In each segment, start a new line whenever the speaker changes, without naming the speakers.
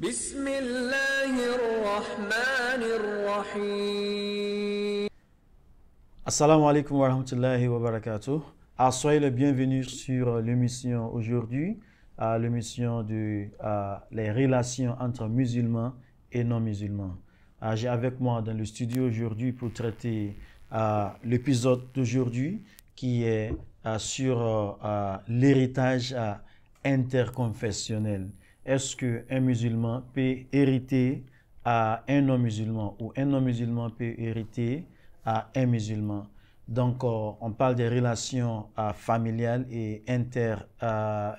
بسم
Assalamu alaikum wa rahmatullahi wa ah, soyez le bienvenu sur l'émission aujourd'hui, à ah, l'émission de ah, les relations entre musulmans et non-musulmans. J'ai avec moi dans le studio aujourd'hui pour traiter l'épisode d'aujourd'hui qui est sur l'héritage interconfessionnel est-ce qu'un musulman peut hériter à un non-musulman ou un non-musulman peut hériter à un musulman. Donc, euh, on parle des relations euh, familiales et inter, euh,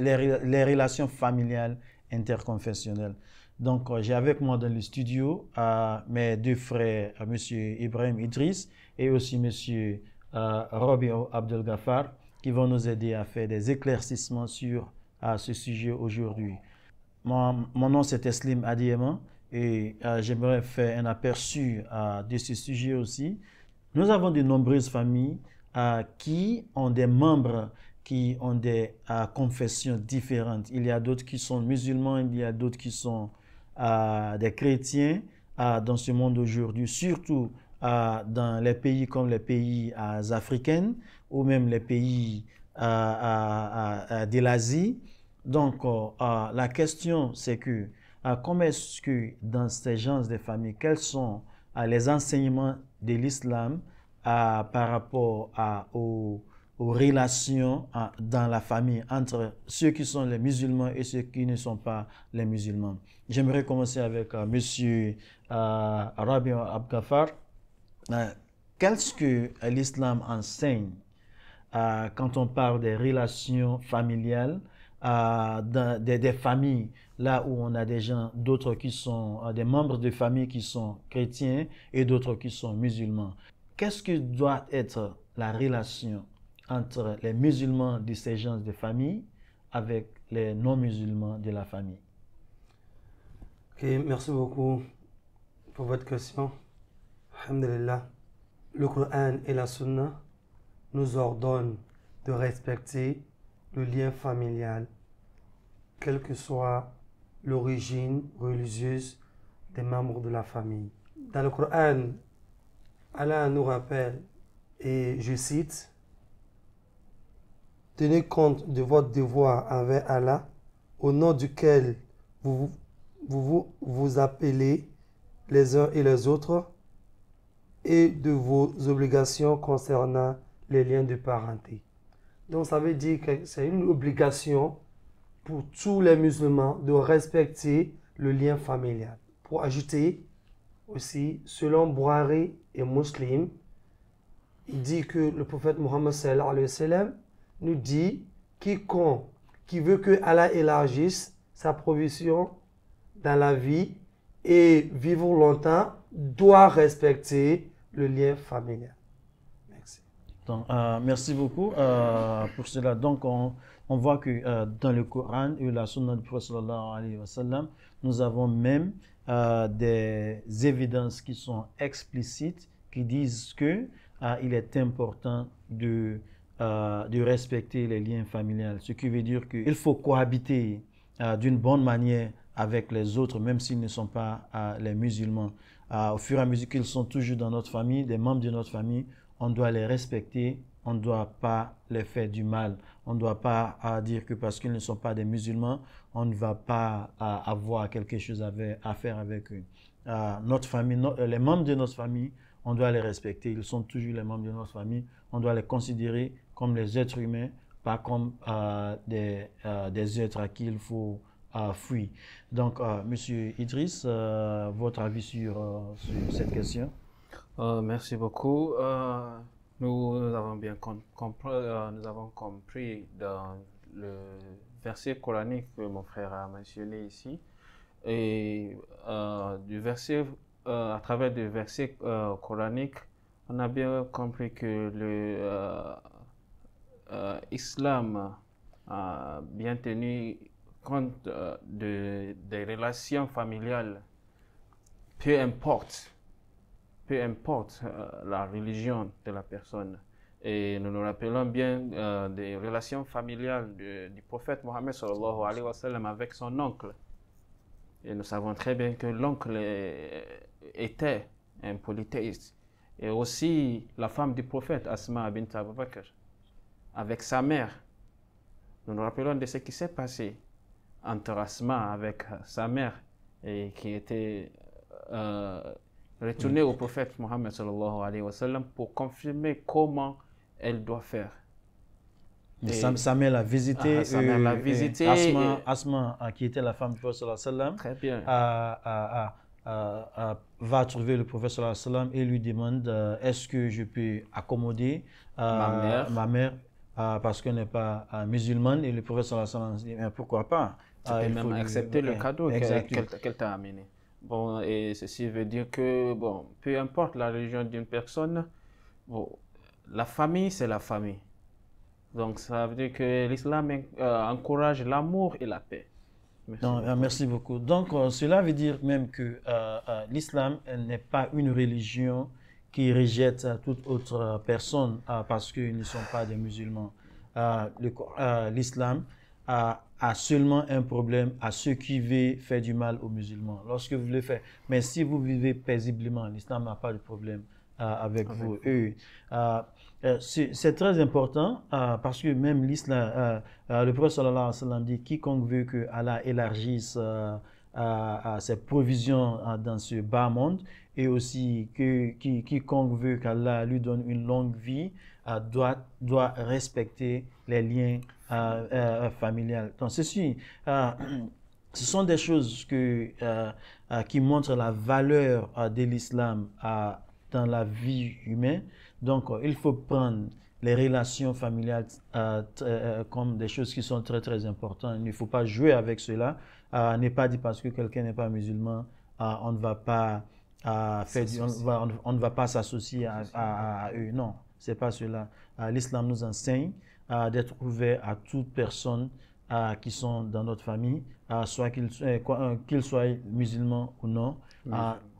les, relations familiales interconfessionnelles. Donc, j'ai avec moi dans le studio mes deux frères, M. Ibrahim Idris et aussi M. Robbie Abdelgafar, qui vont nous aider à faire des éclaircissements sur à ce sujet aujourd'hui. Mon, mon, nom c'est Eslim Adiema et euh, j'aimerais faire un aperçu euh, de ce sujet aussi. Nous avons de nombreuses familles euh, qui ont des membres qui ont des confessions différentes. Il y a d'autres qui sont musulmans, il y a d'autres qui sont des chrétiens dans ce monde aujourd'hui, surtout dans les pays comme les pays africains ou même les pays de l'Asie. Donc, euh, euh, la question, c'est que euh, comment est-ce que dans ces genres de famille, quels sont les enseignements de l'islam par rapport aux, relations dans la famille entre ceux qui sont les musulmans et ceux qui ne sont pas les musulmans. J'aimerais commencer avec M. Monsieur Rabi Abgafar. Qu'est-ce que l'islam enseigne euh, quand on parle des relations familiales, euh, des, familles là où on a des gens, d'autres qui sont euh, des membres de famille qui sont chrétiens et d'autres qui sont musulmans. Qu'est-ce que doit être la relation entre les musulmans de ces gens de famille avec les non-musulmans de la famille Ok, merci beaucoup pour votre question.
Alhamdulillah. Le Coran et la Sunna nous ordonne de respecter le lien familial, quelle que soit l'origine religieuse des membres de la famille. Dans le Coran, Allah nous rappelle, et je cite, Tenez compte de votre devoir envers Allah, au nom duquel vous vous, vous, appelez les uns et les autres, et de vos obligations concernant les liens de parenté. Donc ça veut dire que c'est une obligation pour tous les musulmans de respecter le lien familial. Pour ajouter aussi, selon Bouhari et Muslim, il dit que le prophète Mohammed nous dit quiconque qui veut que Allah élargisse sa provision dans la vie et vivre longtemps doit respecter le lien familial.
Euh, merci beaucoup euh, pour cela. Donc, on, voit que euh, dans le Coran et la Sunna du Prophète nous avons même des évidences qui sont explicites, qui disent que il est important de, de respecter les liens familiaux. Ce qui veut dire qu'il faut cohabiter d'une bonne manière avec les autres, même s'ils ne sont pas les musulmans. au fur et à mesure qu'ils sont toujours dans notre famille, des membres de notre famille, on doit les respecter, on ne doit pas les faire du mal. On ne doit pas dire que parce qu'ils ne sont pas des musulmans, on ne va pas avoir quelque chose à faire avec eux. notre famille, les membres de notre famille, on doit les respecter. Ils sont toujours les membres de notre famille. On doit les considérer comme les êtres humains, pas comme des, êtres à qui il faut fuir. Donc,
euh, Monsieur Idriss, euh, votre avis sur euh, cette question euh, merci beaucoup. Euh, nous, avons bien euh, compris, dans le verset coranique que mon frère a mentionné ici, et du verset, à travers le verset coranique, on a bien compris que l'islam a bien tenu compte de, des relations familiales, peu importe peu importe euh, la religion de la personne. Et nous nous rappelons bien euh, des relations familiales du, prophète Mohammed sallallahu alayhi wa sallam avec son oncle. Et nous savons très bien que l'oncle était un polythéiste. Et aussi la femme du prophète, Asma bint Abu Bakr, avec sa mère. Nous nous rappelons de ce qui s'est passé entre Asma avec sa mère, et qui était euh, retourner au prophète Mohammed alayhi wa sallam pour confirmer comment elle doit faire. Et sa, mère ah, l'a euh, euh, visité. Asma,
Asma, hein, qui était la femme du prophète sallallahu va trouver le prophète sallam et lui demande euh, est-ce que je peux accommoder ma mère, parce qu'elle n'est pas musulmane et le prophète sallallahu dit pourquoi pas. Tu peux même accepter le cadeau qu'elle
t'a amené. Bon, et ceci veut dire que, bon, peu importe la religion d'une personne, bon, la famille, c'est la famille. Donc, ça veut dire que l'islam euh, encourage l'amour et la paix.
Merci, beaucoup. merci beaucoup. Donc, euh, cela veut dire même que euh, l'islam n'est pas une religion qui rejette toute autre personne parce qu'ils ne sont pas des musulmans. L'islam a seulement un problème, à ceux qui veulent faire du mal aux musulmans, lorsque vous le faites. Mais si vous vivez paisiblement, l'islam n'a pas de problème euh, avec, vous. Euh, euh, c'est très important parce que même l'islam, le prophète sallallahu alayhi wa sallam dit quiconque veut que Allah élargisse ses provisions dans ce bas monde et aussi que quiconque veut qu'Allah lui donne une longue vie doit, doit respecter les liens euh, euh, euh, familiale. Donc, ceci, ce sont des choses qui montrent la valeur de l'islam dans la vie humaine. Donc, il faut prendre les relations familiales comme des choses qui sont très très importantes. Il ne faut pas jouer avec cela. n'est pas dit parce que quelqu'un n'est pas musulman, on ne va pas faire, on, ne va pas s'associer à, eux. Non, c'est pas cela. L'islam nous enseigne d'être ouvert à toute personne qui sont dans notre famille, euh, soit euh, qu'ils soient musulmans ou non.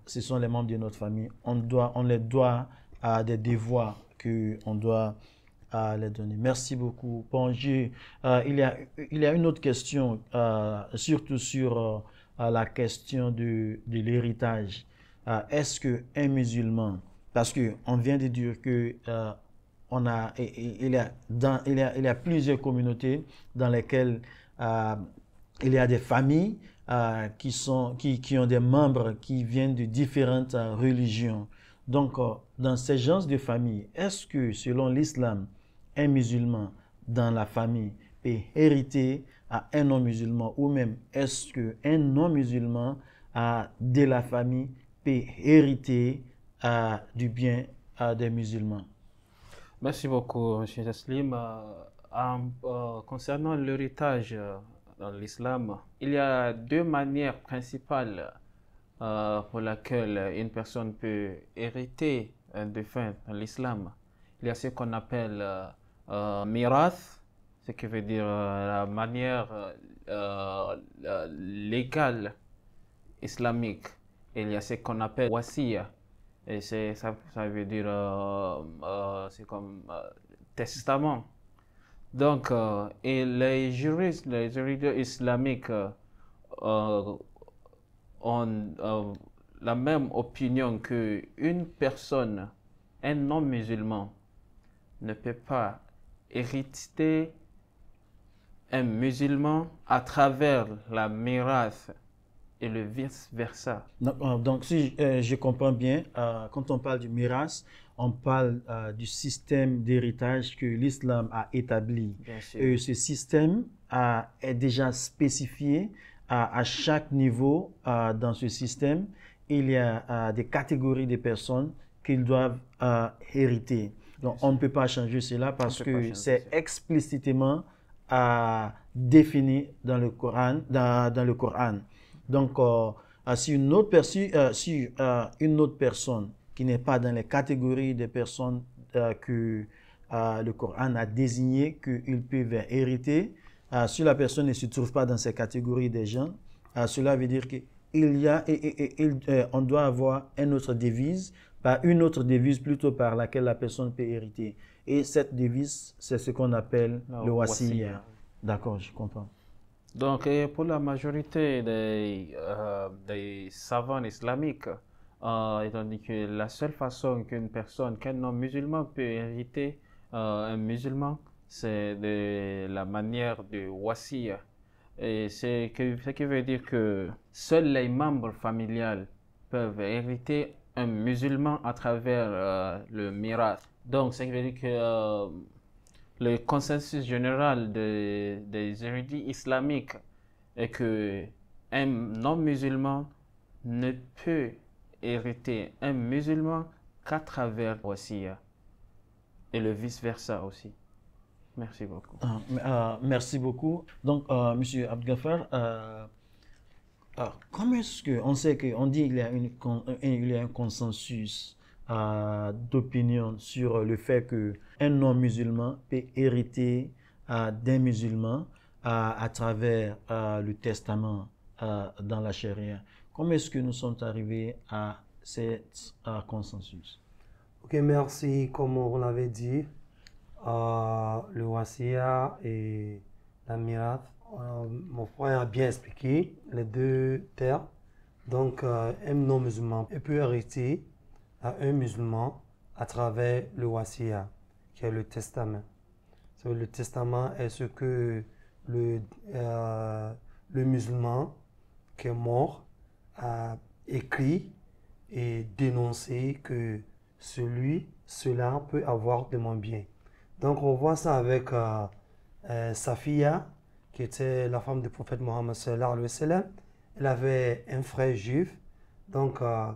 ce sont les membres de notre famille. On, doit, on les doit à des devoirs qu'on doit les donner. Merci beaucoup. euh, il, y a, il y a une autre question, euh, surtout sur euh, la question de, de l'héritage. Est-ce qu'un musulman, parce qu'on vient de dire que on a, il, y a plusieurs communautés dans lesquelles euh, il y a des familles euh, qui, sont, qui, qui, ont des membres qui viennent de différentes euh, religions. Donc, dans ces genres de famille, est-ce que, selon l'islam, un musulman dans la famille peut hériter à un non-musulman ou même est-ce qu'un non-musulman de la famille peut hériter du bien
à des musulmans Merci beaucoup, M. Jaslim, euh, euh, concernant l'héritage euh, dans l'islam, il y a deux manières principales pour laquelle une personne peut hériter un défunt dans l'islam. Il y a ce qu'on appelle mirath, ce qui veut dire la manière légale islamique. Et il y a ce qu'on appelle wasiya, et ça, ça veut dire, euh, euh, c'est comme euh, testament. Donc, et les juristes, les juristes islamiques ont la même opinion qu'une personne, un non-musulman, ne peut pas hériter un musulman à travers la mirasse et le vice-versa.
Euh, donc, si euh, je, comprends bien, euh, quand on parle du miras, on parle du système d'héritage que l'islam a établi. Et ce système est déjà spécifié à, chaque niveau dans ce système. Il y a des catégories de personnes qu'ils doivent hériter. Donc, on ne peut pas changer cela parce que c'est explicitement défini dans le Coran. dans le Coran. Donc, euh, euh, si, une autre, euh, si une autre personne qui n'est pas dans les catégories des personnes que le Coran a désignées qu'ils peuvent hériter, si la personne ne se trouve pas dans ces catégories des gens, cela veut dire qu'on y a, et, on doit avoir une autre devise, par une autre devise plutôt par laquelle la personne peut hériter. Et cette devise, c'est ce qu'on appelle le wasiya. D'accord, je comprends.
Donc, pour la majorité des, euh, des savants islamiques, euh, étant dit que la seule façon qu'une personne, qu'un non musulman peut hériter euh, un musulman, c'est de la manière du wasir. Et c'est ce qui veut dire que seuls les membres familiaux peuvent hériter un musulman à travers le miracle. Donc, ça veut dire que le consensus général des érudits islamiques est que un non-musulman ne peut hériter un musulman qu'à travers Wassiya. Et le vice-versa aussi. Merci beaucoup.
Ah, ah, merci beaucoup. Donc, euh, Monsieur Abdgafar, euh, ah, comment est-ce qu'on sait qu'on dit qu'il y une, euh, y a un consensus d'opinion sur le fait que un non-musulman peut hériter euh, d'un musulman euh, à travers euh, le testament dans la charia. Comment est-ce que nous sommes arrivés à cet consensus Ok, merci. Comme on l'avait dit, le wasiya
et la Mirath mon frère a bien expliqué les deux termes. Donc, un non-musulman peut hériter à un musulman à travers le wasiya, qui est le testament. Le testament est ce que le, euh, le musulman qui est mort a écrit et dénoncé que celui, cela peut avoir de mon bien. Donc on voit ça avec euh, euh Safiya, qui était la femme du prophète Mohammed. Elle avait un frère juif, donc euh,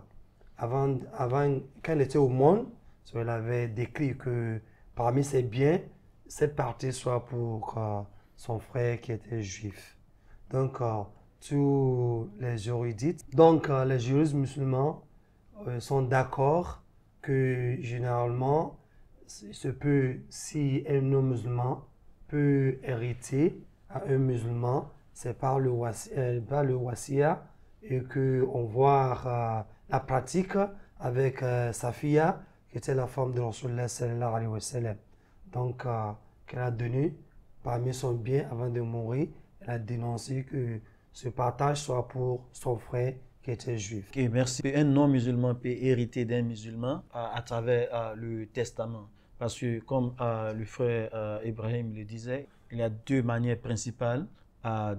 avant, avant, quand était au monde, elle avait décrit que parmi ses biens, cette partie soit pour euh, son frère qui était juif. Donc, euh, tous les juridites, donc euh, les juristes musulmans sont d'accord que généralement, ce peut, si un non-musulman peut hériter à un musulman, c'est par le, par le wasiya et qu'on voit la pratique avec euh, sa fille qui était la femme de Rasulullah sallallahu alayhi wa Donc, euh, qu'elle a donné parmi son bien avant de mourir, elle a dénoncé que ce partage soit pour son frère qui était
juif. et merci. Un non-musulman peut hériter d'un musulman euh, à, travers le testament. Parce que, comme le frère Ibrahim le disait, il y a deux manières principales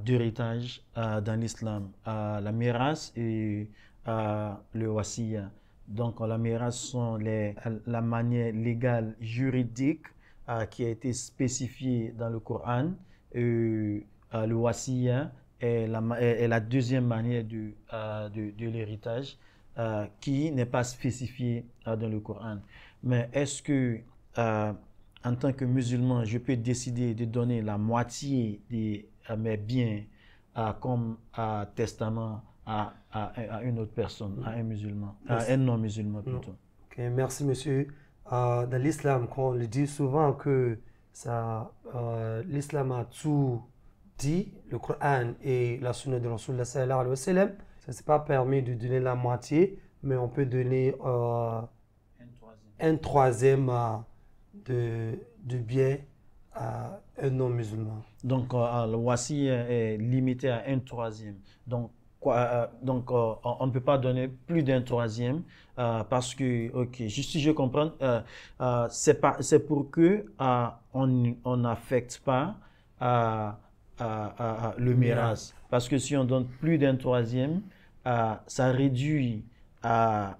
d'héritage dans l'islam la mirasse et le wasiya. Donc la miras sont les, la manière légale, juridique euh, qui a été spécifiée dans le Coran. Euh, le wasiya est la, deuxième manière de, euh, de, de l'héritage qui n'est pas spécifiée dans le Coran. Mais est-ce que en tant que musulman, je peux décider de donner la moitié de mes biens comme testament à, à, une autre personne, à un musulman, un non-musulman
merci, monsieur. Euh, dans l'islam, on le dit souvent que ça, euh, l'islam a tout dit, le Coran et la sunna de Rasulullah sallallahu alayhi wa sallam. Ça ne s'est pas permis de donner la moitié, mais on peut donner euh,
un troisième, un de, de bien à un non-musulman. Donc, le voici est limité à un troisième. Donc, euh, donc, euh, on ne peut pas donner plus d'un troisième euh, parce que, ok, juste si je comprends, c'est pas, c'est pour que on n'affecte pas le miras Parce que si on donne plus d'un troisième, ça réduit, ça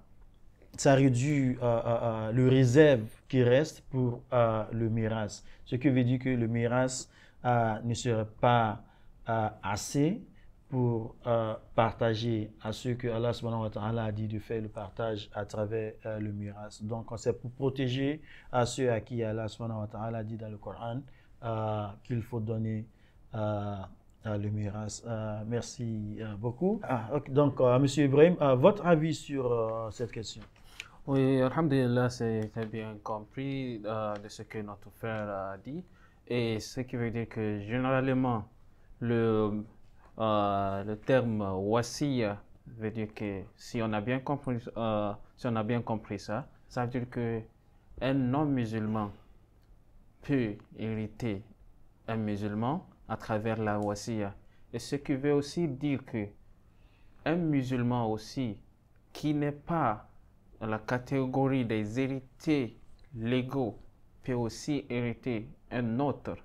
réduit le réserve qui reste pour le miras Ce qui veut dire que le miras ne serait pas assez pour euh, partager à ceux que Allah subhanahu a dit de faire le partage à travers euh, le miras. Donc c'est pour protéger à ceux à qui Allah subhanahu a dit dans le Coran euh, qu'il faut donner le miras. merci beaucoup. Ah, donc
Monsieur Ibrahim, votre avis sur cette question Oui, alhamdulillah, c'est bien compris de ce que notre frère a dit. Et ce qui veut dire que généralement, le euh, le terme wasiya euh, euh, veut dire que si on a bien compris, si on a bien compris ça, ça veut dire que un non-musulman peut hériter un musulman à travers la wasiya. Et ce qui veut aussi dire que un musulman aussi qui n'est pas dans la catégorie des héritiers légaux peut aussi hériter un autre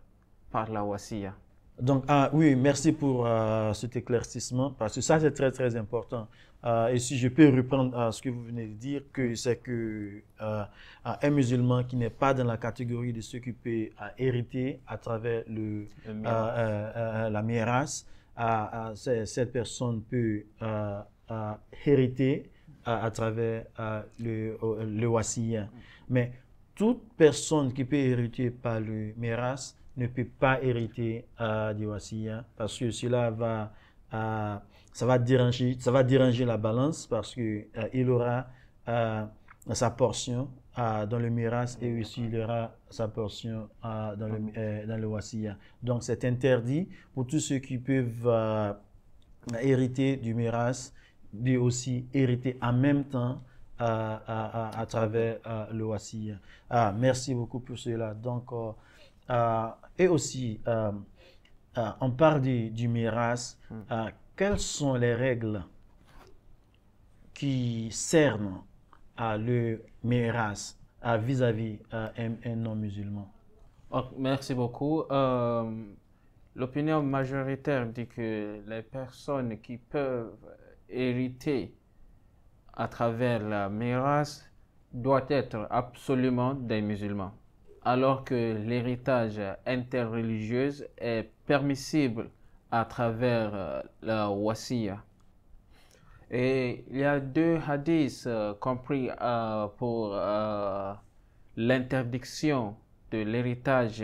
par la wasiya.
Donc, ah oui, merci pour euh, cet éclaircissement, parce que ça, c'est très, très important. Euh, et si je peux reprendre euh, ce que vous venez de dire, que c'est que un musulman qui n'est pas dans la catégorie de ceux qui peuvent hériter à travers le, la miras, cette personne peut hériter à travers le, le Mais toute personne qui peut hériter par le miras, ne peut pas hériter du Diwasiya parce que cela va, ça va, déranger, ça va déranger la balance parce qu'il euh, il aura euh, sa portion euh, dans le miras et aussi il aura sa portion dans, le, dans wasiya. Donc c'est interdit pour tous ceux qui peuvent hériter du miras de aussi hériter en même temps à, à, à, travers le wasiya. Ah, merci beaucoup pour cela. Donc, euh, et aussi, euh, euh, on parle du, du miras. Hmm. quelles sont les règles qui cernent le miras vis-à-vis un, non-musulman
Merci beaucoup. L'opinion majoritaire dit que les personnes qui peuvent hériter à travers la miras doivent être absolument des musulmans alors que l'héritage interreligieux est permissible à travers euh, la wasiya. Et il y a deux hadiths euh, compris euh, pour l'interdiction de l'héritage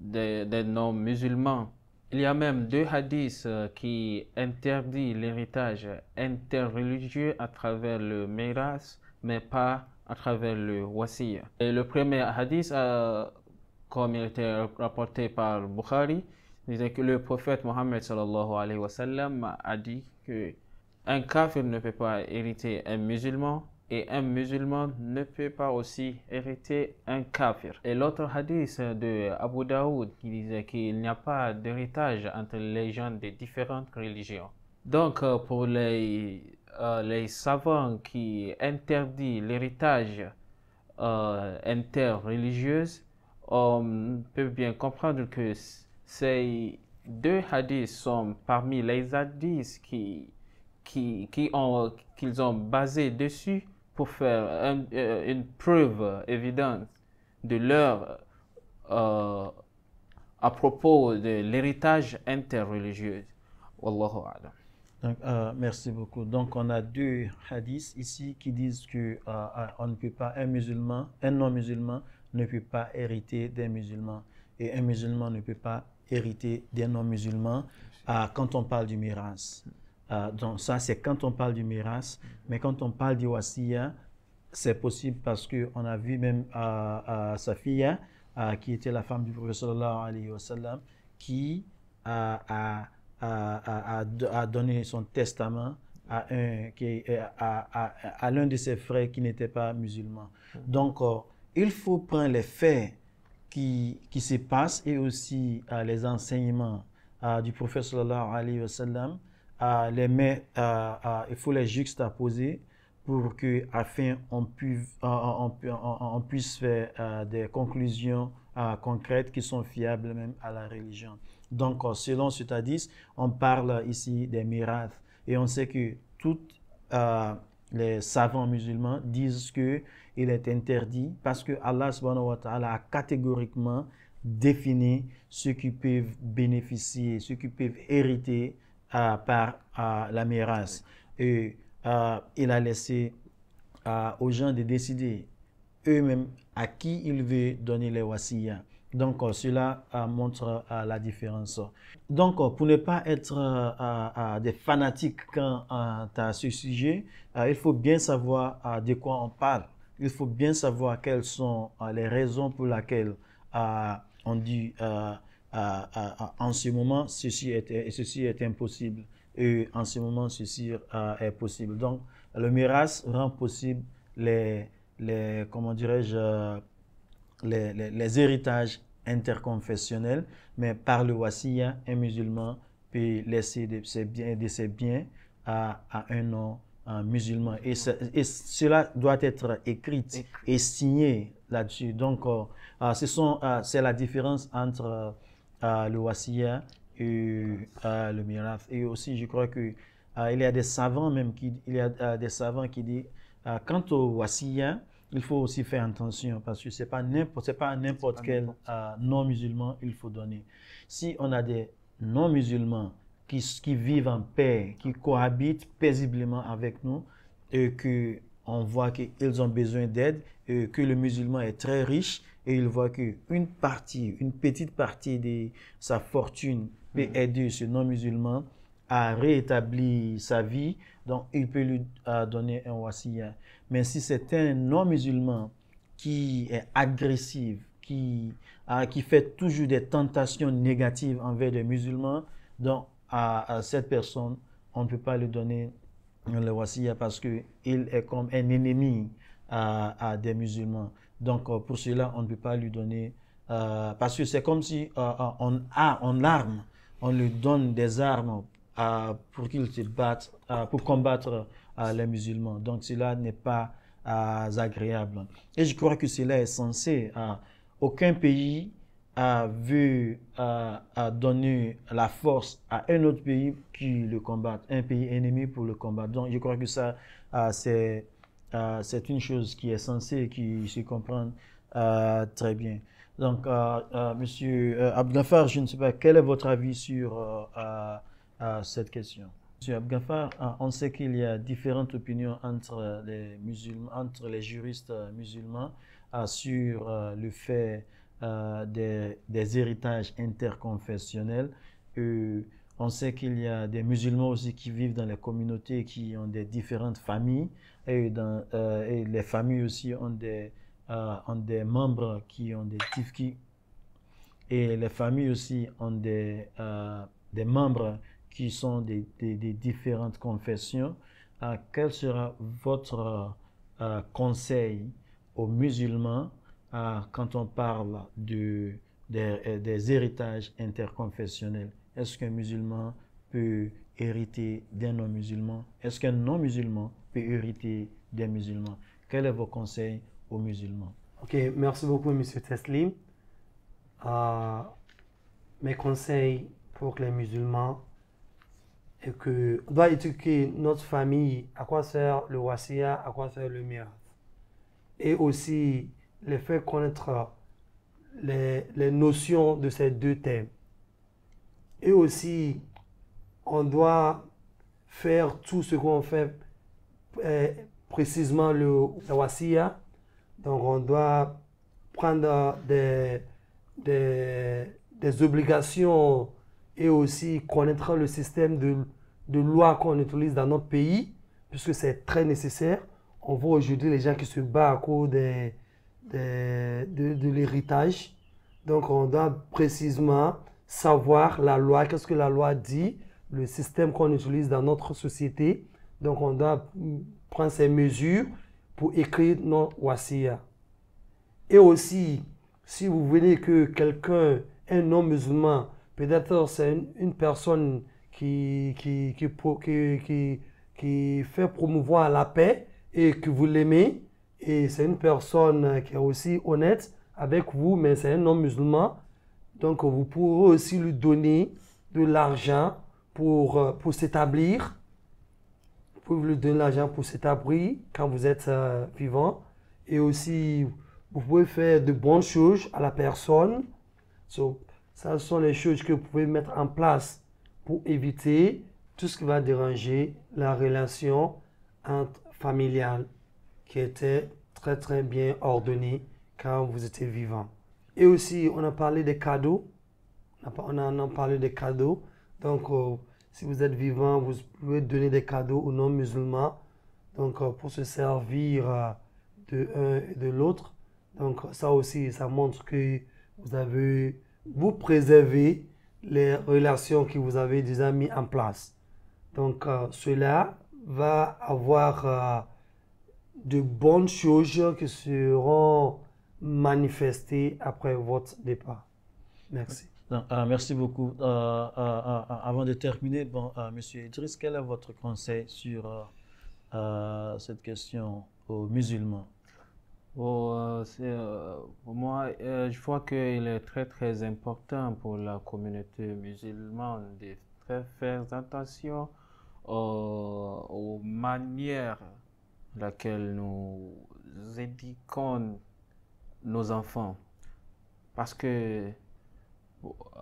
des, non-musulmans. Il y a même deux hadiths qui interdit l'héritage interreligieux à travers le miras, mais pas à travers le wasiya. Et le premier hadith, euh, comme il était rapporté par Bukhari, disait que le prophète Mohammed sallallahu a dit que un kafir ne peut pas hériter un musulman et un musulman ne peut pas aussi hériter un kafir. Et l'autre hadith de Abu Daoud qui disait qu'il n'y a pas d'héritage entre les gens des différentes religions. Donc euh, pour les euh, les savants qui interdit l'héritage euh, interreligieux on peut bien comprendre que ces deux hadiths sont parmi les hadiths qu'ils ont basé dessus pour faire euh, une preuve évidente de leur à propos de l'héritage interreligieux. Wallahu
euh, merci beaucoup. Donc, on a deux hadiths ici qui disent que euh, euh, on ne peut pas un musulman, un non-musulman ne peut pas hériter d'un musulman et un musulman ne peut pas hériter d'un non-musulman quand on parle du miras. donc ça, c'est quand on parle du miras, mais quand on parle du wasiya, c'est possible parce que on a vu même sa fille qui était la femme du prophète sallallahu alayhi wa qui a à donner son testament à, un, qui, euh, à, à, à l'un de ses frères qui n'était pas musulman. Donc, euh, il faut prendre les faits qui, qui se passent et aussi euh, les enseignements du prophète sallallahu alayhi wa sallam. les il faut les juxtaposer pour que, afin on, on puisse faire des conclusions concrètes qui sont fiables même à la religion. Donc, euh, selon ce Tadis, on parle ici des miracles. Et on sait que tous euh, les savants musulmans disent que il est interdit parce que Allah a catégoriquement défini ceux qui peuvent bénéficier, ceux qui peuvent hériter euh, par la mirace. Et il a laissé aux gens de décider eux-mêmes à qui il veut donner les wasiyas. Donc euh, cela euh, montre euh, la différence. Donc pour ne pas être des fanatiques quand à ce sujet, il faut bien savoir de quoi on parle. Il faut bien savoir quelles sont les raisons pour lesquelles on dit en ce moment ceci est, ceci est impossible et en ce moment ceci est possible. Donc le mirage rend possible les, les comment dirais-je, les, héritages interconfessionnels, mais par le Wassiya, un musulman peut laisser de ses biens, de ses biens à, un non euh, musulman. Et, cela doit être écrit et signé là-dessus. Donc, euh, euh, c'est la différence entre le wasiya et le miraf. Et aussi, je crois qu'il y a des savants même qui, il y a des savants qui disent quant au wasiya, il faut aussi faire attention parce que ce n'est pas n'importe, n'importe quel euh, non-musulman il faut donner. Si on a des non-musulmans qui, vivent en paix, qui cohabitent paisiblement avec nous, et que on voit qu'ils ont besoin d'aide, que le musulman est très riche, et il voit qu'une partie, une petite partie de sa fortune mm-hmm. peut aider ce non-musulman à rétablir sa vie, donc il peut lui euh, donner un wasiyah. Mais si c'est un non-musulman qui est agressif, qui, euh, qui fait toujours des tentations négatives envers des musulmans, donc à, cette personne, on ne peut pas lui donner le wasiya parce qu'il est comme un ennemi à, des musulmans. Donc euh, pour cela, on ne peut pas lui donner, euh, parce que c'est comme si on a, on arme, on lui donne des armes pour qu'il se batte, pour combattre les musulmans. Donc cela n'est pas euh, agréable. Et je crois que cela est censé. Euh, aucun pays a vu euh, a donner la force à un autre pays qui le combatte, un pays ennemi pour le combattre. Donc je crois que ça, c'est une chose qui est censée, qui se comprend très bien. Donc, euh, Monsieur je ne sais pas, quel est votre avis sur cette question Monsieur Abgafar, ah, on sait qu'il y a différentes opinions entre les, juristes euh, musulmans ah, sur euh, le fait euh, des, héritages interconfessionnels. on sait qu'il y a des musulmans aussi qui vivent dans les communautés qui ont des différentes familles et, les familles aussi ont des, membres qui ont des tifkis. et les familles aussi ont des, des membres qui sont des, différentes confessions, euh, quel sera votre euh, conseil aux musulmans euh, quand on parle des héritages interconfessionnels Est-ce qu'un musulman peut hériter d'un non-musulman Est-ce qu'un non-musulman peut hériter d'un musulman Quels est vos conseils aux musulmans Ok, merci beaucoup, M. Teslim.
mes conseils pour les musulmans, et que doit éduquer notre famille à quoi sert le wasia, à quoi sert le miracle. Et aussi les faire connaître les, les, notions de ces deux thèmes. Et aussi, on doit faire tout ce qu'on fait euh, précisément le, le wasia. Donc on doit prendre des, des, des obligations et aussi connaître le système de, de loi qu'on utilise dans notre pays, puisque c'est très nécessaire. On voit aujourd'hui les gens qui se battent à cause des, des, de, l'héritage. Donc on doit précisément savoir la loi, qu'est-ce que la loi dit, le système qu'on utilise dans notre société. Donc on doit prendre ces mesures pour écrire nos wasiya. Et aussi, si vous voulez que quelqu'un, un non musulman, Peut-être c'est une, personne qui, qui, qui, fait promouvoir la paix et que vous l'aimez. Et c'est une personne qui est aussi honnête avec vous, mais c'est un non-musulman. Donc vous pouvez aussi lui donner de l'argent pour, euh, pour s'établir. Vous pouvez lui donner de l'argent pour s'établir quand vous êtes euh, vivant. Et aussi, vous pouvez faire de bonnes choses à la personne. Ça sont les choses que vous pouvez mettre en place pour éviter tout ce qui va déranger la relation familiale qui était très très bien ordonnée quand vous étiez vivant. Et aussi, on a parlé des cadeaux. On a, a parlé des cadeaux. Donc, euh, si vous êtes vivant, vous pouvez donner des cadeaux aux non-musulmans. Donc, euh, pour se servir euh, de l'un et de l'autre. Donc, ça aussi, ça montre que vous avez vous préservez les relations que vous avez déjà mises en place. Donc euh, cela va avoir euh, de bonnes choses qui seront manifestées après votre départ. Merci.
Euh, merci beaucoup. avant de terminer, bon, Monsieur Idriss, quel est votre
conseil sur cette question aux musulmans Oh, euh, euh, moi, euh, je vois qu'il est très très important pour la communauté musulmane de très faire attention aux, aux manières laquelle nous éduquons nos enfants. Parce que,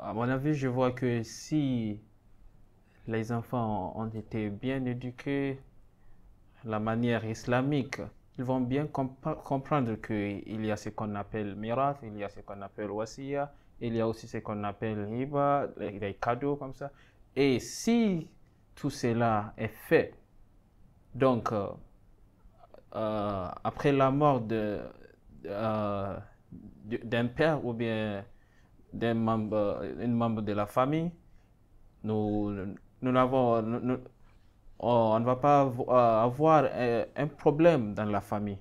à mon avis, je vois que si les enfants ont été bien éduqués, la manière islamique, ils vont bien comprendre comprendre qu'il y a ce qu'on appelle mirat, il y a ce qu'on appelle wasiya, il y a aussi ce qu'on appelle riba, des cadeaux comme ça. Et si tout cela est fait, donc euh, euh, après la mort euh, de, d'un père ou bien d'un membre, membre de la famille, nous, nous, Oh, on ne va pas euh, avoir euh, un problème dans la famille.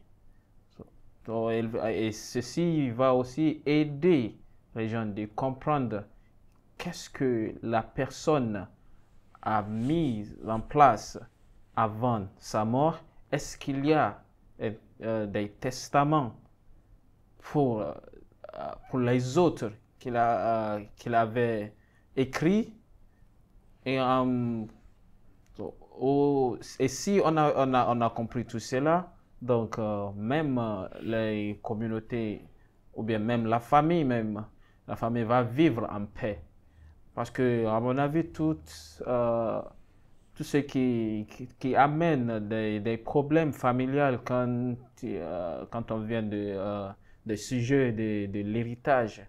Et ceci va aussi aider les gens de comprendre qu'est-ce que la personne a mis en place avant sa mort. Est-ce qu'il y a euh, des testaments pour, pour les autres qu'il qu'il avait écrit et et si on a, on, a, on a, compris tout cela, donc euh, même euh, les communautés, ou bien même la famille même, la famille va vivre en paix. Parce que, à mon avis, tout, euh, tout ce qui, qui, amène des, des, problèmes familiales quand, quand on vient de, des sujets de, de l'héritage,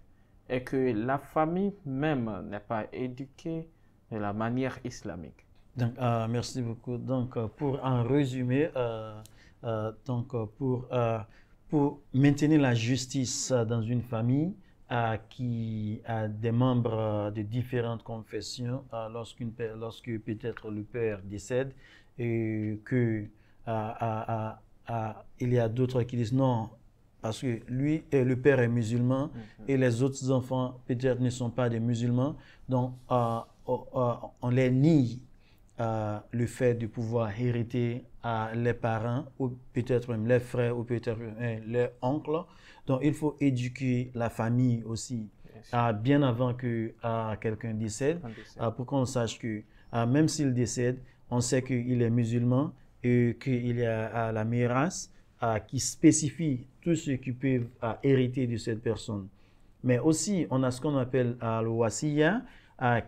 et que la famille même n'est pas éduquée de la manière islamique.
Donc, euh, merci beaucoup. Donc, euh, pour en résumer, euh, donc, pour, pour maintenir la justice dans une famille qui a des membres de différentes confessions, lorsqu'une, lorsque peut-être le père décède et que il y a d'autres qui disent non, parce que lui et le père est musulman mhm. et les autres enfants peut-être ne sont pas des musulmans, donc oh, oh, on les nie euh, le fait de pouvoir hériter à les parents ou peut-être même les frères ou peut-être euh, les oncles. Donc il faut éduquer la famille aussi bien, avant que quelqu'un décède, pour qu'on sache que même s'il décède, on sait qu'il est musulman et qu'il y a la mirasse qui spécifie tout ce qui peut hériter de cette personne. Mais aussi, on a ce qu'on appelle le wasiya,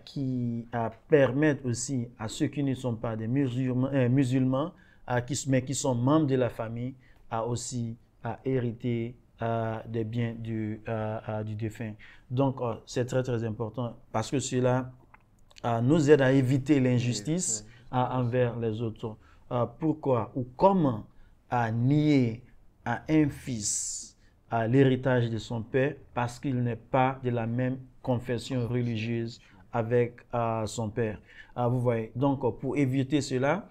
qui permettent aussi à ceux qui ne sont pas des musulmans, euh, musulmans qui, mais qui sont membres de la famille, à aussi à hériter des biens du, du défunt. Donc, euh, c'est très, très important parce que cela euh, nous aide à éviter l'injustice envers les autres. pourquoi ou comment à nier à un fils à l'héritage de son père parce qu'il n'est pas de la même confession religieuse avec euh, son père. Euh, vous voyez, donc euh, pour éviter cela,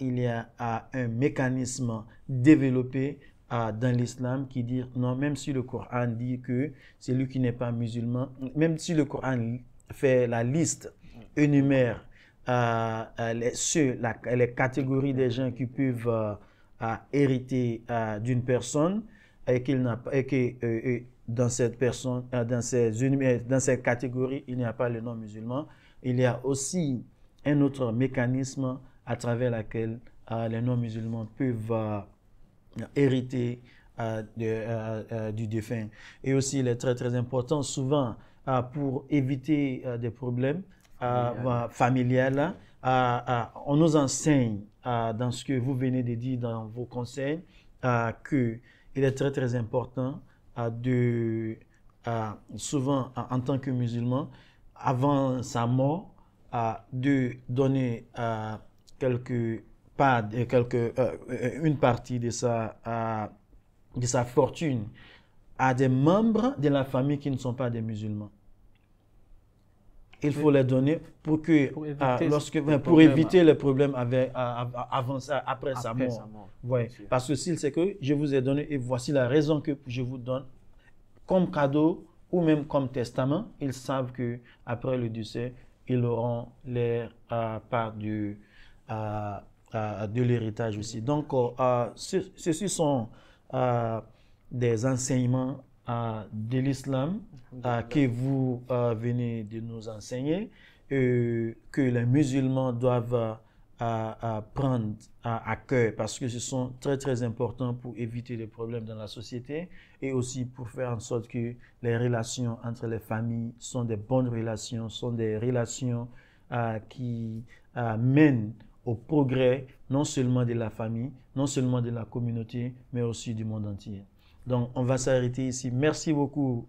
il y a un mécanisme développé dans l'islam qui dit, non, même si le Coran dit que celui qui n'est pas musulman, même si le Coran fait la liste, énumère les, les catégories des gens qui peuvent hériter d'une personne et qu'il n'a et dans cette personne, euh, dans euh, dans il n'y a pas les non-musulmans. Il y a aussi un autre mécanisme à travers lequel euh, les non-musulmans peuvent hériter du défunt. Et aussi, il est très très important, souvent, pour éviter des problèmes familiales, bah, on nous enseigne dans ce que vous venez de dire dans vos conseils qu'il est très très important de, souvent en tant que musulman, avant sa mort, de donner quelques, pas, euh, quelques, euh, euh, une partie de sa, de sa fortune à des membres de la famille qui ne sont pas des musulmans il faut les donner pour que ah, éviter, lorsque, pour éviter les problèmes ah, avant, ah, après, après, sa mort. ouais. Parce que s'il sait que je vous ai donné et voici la raison que je vous donne comme cadeau ou même comme testament, ils savent que après le décès, ils auront leur part du, de l'héritage aussi. Donc, ce, ceci sont des enseignements de l'islam que vous euh, venez de nous enseigner, que les musulmans doivent euh, prendre à, cœur parce que ce sont très très importants pour éviter les problèmes dans la société et aussi pour faire en sorte que les relations entre les familles sont des bonnes relations, sont des relations euh, qui mènent au progrès non seulement de la famille, non seulement de la communauté, mais aussi du monde entier. Donc, on va s'arrêter ici. Merci beaucoup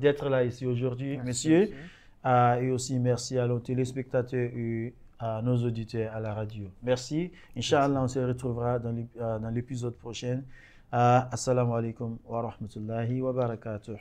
d'être là ici aujourd'hui, messieurs. Monsieur. et aussi, merci à nos téléspectateurs et à nos auditeurs à la radio. Merci. Inch'Allah, on se retrouvera dans euh, l'épisode prochain. assalamu alaikum wa rahmatullahi wa barakatuh.